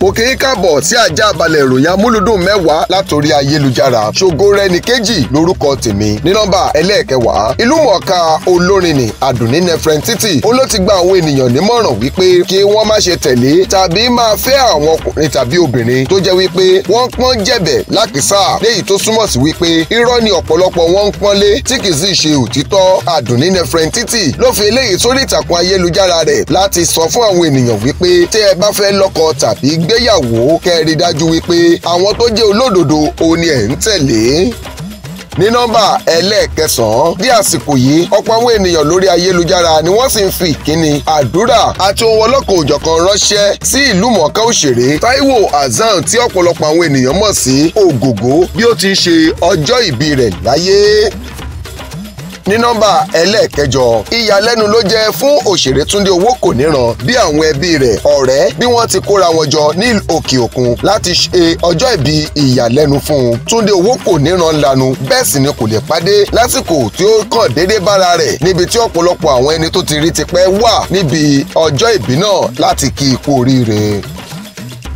mo kì í káàbọ̀ sí ajá balẹ̀ ìròyìn amúlùdùn mẹ́wàá látòrí ayélujára ṣògo rẹni kejì lórúkọ tèmi ní nọ́mbà ẹlẹ́ẹ̀kẹwàá ìlúmọ̀ọ́ká olórin ni àdùnní nefren títì ó ló ti gba àwọn ènìyàn nímọ̀ràn wípé kí wọ́n má ṣe tẹ̀lé tàbí máa fẹ́ àwọn ọkùnrin tàbí obìnrin tó jẹ́ wípé wọ́n pọ́n jẹ̀bẹ̀ lákìsà léyìí tó súnmọ̀ sí wípé irọ́ ni ọ̀pọ̀lọpọ̀ wọn ń pọ́nlé tí kì í sì ṣe òtítọ́ àdùnní gbéyàwó kẹ́ẹ̀rí dájú wípé àwọn tó jẹ́ olódodo òun ni ẹ̀ ń tẹ̀lé ní nọ́mbà ẹlẹ́ẹ̀kẹsàn-án di àsìkò yìí ọ̀pọ̀ àwọn ènìyàn lórí ayélujára ni wọ́n sì ń fi ìkíni àdúrà àti ohun ọlọ́kan òjọ̀kan ránṣẹ́ sí ìlú mọ̀ọ́ká òṣèré Táíwò Hassan tí ọ̀pọ̀lọpọ̀ àwọn ènìyàn mọ̀ sí Ògògó bí ó ti ṣe ọjọ́ ìbí rẹ̀ láyé ní nọ́mbà ẹlẹ́ẹ̀kẹjọ ìyàlẹ́nu ló jẹ́ fún òṣèré Túndé Owókòníran bí àwọn ẹbí rẹ̀ ọ̀rẹ́ bí wọ́n ti kóra wọn jọ ní òkè òkun láti ṣe ọjọ́ ìbí ìyàlẹ́nu fún un Túndé Owókòníran lanu bẹ́ẹ̀ sì ni kò lè pàdé lásìkò tí ó kàn déédé bára rẹ̀ níbi tí ọ̀pọ̀lọpọ̀ àwọn ẹni tó ti rí tipẹ́ wà níbi ọjọ́ ìbí náà láti kí i oríire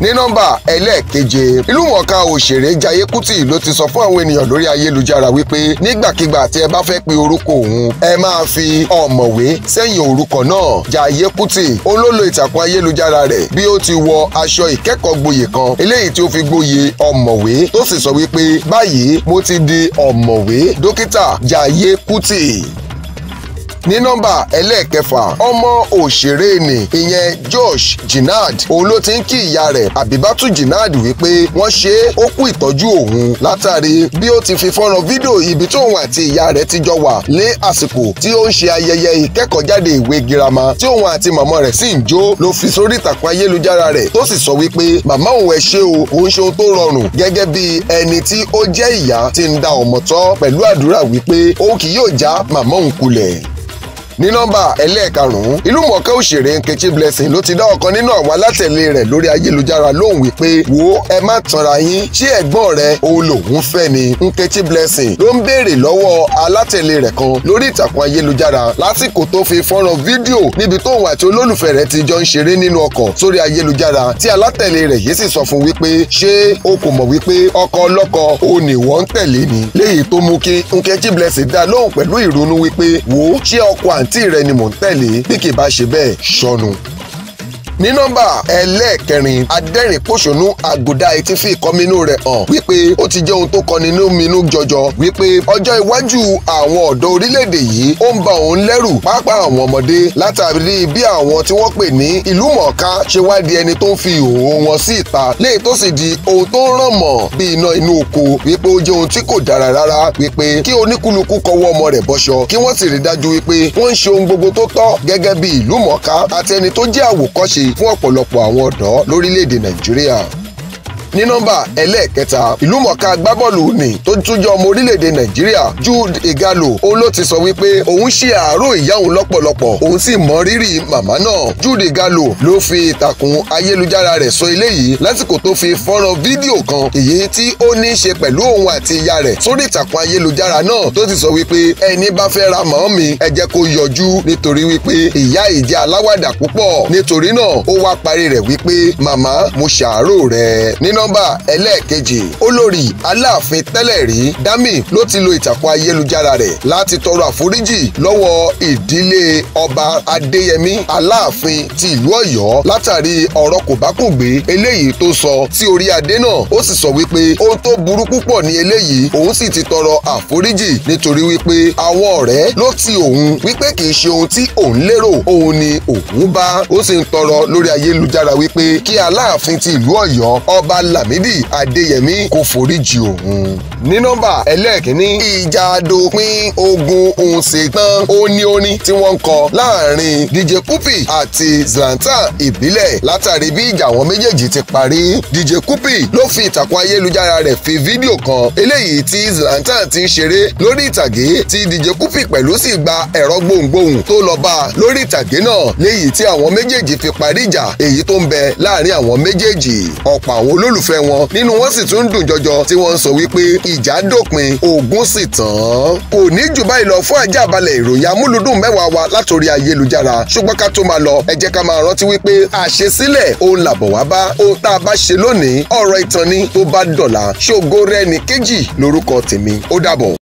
ní nọ́mbà ẹlẹ́ẹ̀keje ìlúmọ̀ọ́ká òṣèré Jayé Kútì ló ti sọ fún àwọn ènìyàn lórí ayélujára wípé nígbàkigbà tí ẹ bá fẹ́ pe orúkọ òun ẹ máa fi ọ̀mọ̀wé sẹ́yìn orúkọ náà Jayé Kútì olólo ìtàkùn ayélujára rẹ̀ bí ó ti wọ aṣọ ìkẹ́kọ̀ọ́ gboyè kan eléyìí tí ó fi gboyè ọ̀mọ̀wé tó sì sọ wípé báyìí mo ti di ọ̀mọ̀wé dókítà Jayé Kútì ní nọ́mbà ẹlẹ́ẹ̀kẹfà ọmọ òṣèré ni ìyẹn Josh Jinad òun ló ti ń kí ìyá rẹ̀ Àbíbátú Jinad wípé wọ́n ṣe é ó kú ìtọ́jú òun látàrí bí ó ti fi fọ́nrán fídíò ibi tóun àti ìyá rẹ̀ ti jọ wà lé àsìkò tí ó ń ṣe ayẹyẹ ìkẹ́kọ̀ọ́jáde ìwé girama tí òun àti màmá rẹ̀ sì ń jó ló fi sórí ìtàkùn ayélujára rẹ̀ tó sì sọ wípé màmá òun ẹ ṣé o òun ṣe ohun tó rọrùn gẹ́gẹ́ bí ẹni tí ó jẹ́ ìyá ti ń da ọmọ tọ́ pẹ̀lú àdúrà wípé òun kì yóò já màmá òun kulẹ̀ ní nọ́mbà ẹlẹ́ẹ̀karùn-ún ìlúmọ̀ọ́ká òṣèré Nkechi Blessing ló ti dá ọ̀kan nínú àwọn alátẹ̀lé rẹ̀ lórí ayélujára lóhùn wípé wo ẹ má tanra yín ṣé ẹ̀gbọ́n rẹ̀ òun lòun fẹ́ ni Nkechi Blessing ló ń béèrè lọ́wọ́ alátẹ̀lé rẹ̀ kan lórí ìtàkùn ayélujára lásìkò tó fi fọ́nrán fídíò níbi tóun àti olólùfẹ́ rẹ̀ ti jọ ń ṣeré nínú ọkọ̀ sórí ayélujára tí alátẹ̀lé rẹ̀ yìí sì sọ fún wípé ṣé o kò mọ̀ wípé ọkọ ọlọ́kọ ò ní wọ́n tẹ̀lé ni léyìí tó mú kí Nkechi Blessing dá lóhùn pẹ̀lú ìrònú wípé wo ṣé ọkọ àkáǹtì rẹ ni mò ń tẹ̀lé bí kì í bá ṣe bẹ́ẹ̀ sọnù ní nọ́mbà ẹlẹ́ẹ̀kẹrin adẹ́rìnpòṣónú àgùdá etí fi ìkọminú rẹ̀ hàn wípé ó ti jẹ́ ohun tó kọni nínú jọjọ wípé ọjọ́ iwájú àwọn ọ̀dọ́ orílẹ̀-èdè yìí ó ń ba òun lẹ́rù pàápàá àwọn ọmọdé látàrí bí àwọn tí wọ́n pè ní ìlú mọ̀ọ́ká ṣe wá di ẹni tó ń fi ìhòòhò wọn sí ìta léyìí tó sì di ohun tó ń ràn mọ́ bí iná inú oko wípé ó jẹ́ ohun tí kò dára rárá wípé kí oníkúlùkù kọwọ́ ọmọ rẹ̀ bọ́ṣọ kí wọ́n sì rí dájú wípé wọ́n ń ṣe ohun gbogbo tó tọ́ gẹ́gẹ́ bí ìlú mọ̀ọ́ká àti ẹni tó jẹ́ àwòkọ́ṣe fún ọ̀pọ̀lọpọ̀ àwọn ọ̀dọ́ lórílẹ̀‐èdè nàìjíríà ní nọ́mbà ẹlẹ́ẹ̀kẹta ìlúmọ̀ọ́ká agbábọ́ọ̀lù ni tó tún jẹ́ ọmọ orílẹ̀-èdè nàìjíríà jude igalo òun ló ti sọ wípé òun ṣe àárò ìyá òun lọ́pọ̀lọpọ̀ òun sì mọ rírì màmá náà jude igalo ló fi ìtàkùn ayélujára rẹ̀ sọ eléyìí lásìkò tó fi fọ́nrán fídíò kan èyí tí ó ní í ṣe pẹ̀lú òun àti ìyá rẹ̀ sórí ìtàkùn ayélujára náà tó ti sọ wípé ẹni bá fẹ́ ra màá mi ẹ jẹ́ kó yọjú nítorí wípé ìyá ìjẹ́ aláwàdà púpọ̀ nítorí náà ó wá parí rẹ̀ wípé màmá mo ṣàárò rẹ̀ nínú nọ́mbà ẹlẹ́ẹ̀kejì olórí aláàfin tẹ́lẹ̀ rí dami ló ti lo ìtàkùn ayélujára rẹ̀ láti tọrọ àforíjì lọ́wọ́ ìdílé ọba adéyẹmí aláàfin ti ìlú ọ̀yọ́ látàrí ọ̀rọ̀ kòbákùngbé eléyìí tó sọ sí orí adé náà ó sì sọ wípé ohun tó burú púpọ̀ ní eléyìí òun sì ti tọrọ àforíjì nítorí wípé àwọn ọ̀rẹ́ ló ti òun wípé kì í ṣe ohun tí òun lérò òun ni òun bá ó sì ń tọrọ lórí ayélujára wípé kí aláàfin ti ìlú ọ̀yọ́ ọba Lámídì Adéyẹmí kò foríjì òun. ní nọ́mbà ẹlẹ́ẹ̀kínní ìjà dópin ogun òun ṣe tán ó ní orin tí wọ́n ń kọ láàrin DJ Cuppy àti Zlatan ìbílẹ̀ látàrí bí ìjà àwọn méjèèjì ti parí DJ Kupi ló fi ìtàkùn ayélujára rẹ̀ fi fídíò kan eléyìí tí Zlatan ti ń ṣeré lórí ìtàgé tí DJ Kupi pẹ̀lú sì gba ẹ̀rọ gbohùngbohùn tó lọ bá lórí ìtàgé náà léyìí tí àwọn méjèèjì fi parí ìjà èyí tó ń bẹ láàrin àwọn méjèèjì ọ̀pọ̀ àwọn olólù olólùfẹ́ wọn nínú wọn sì tún dùn jọjọ tí wọ́n ń sọ wípé ìjà dópin ogun sì tán. kò ní jù báyìí lọ fún àjàbalẹ̀ ìròyìn amúlùdùn mẹ́wàá wa látòrí ayélujára ṣùgbọ́n ká tó máa lọ ẹ ká máa rántí wípé àṣesílẹ̀ òun làbọ̀ wá bá ohun tá a bá ṣe lónìí ọ̀rọ̀ ìtàn ni tó bá dọ̀la ṣògo rẹ̀ ní kéjì lórúkọ tèmi ó dàbọ̀.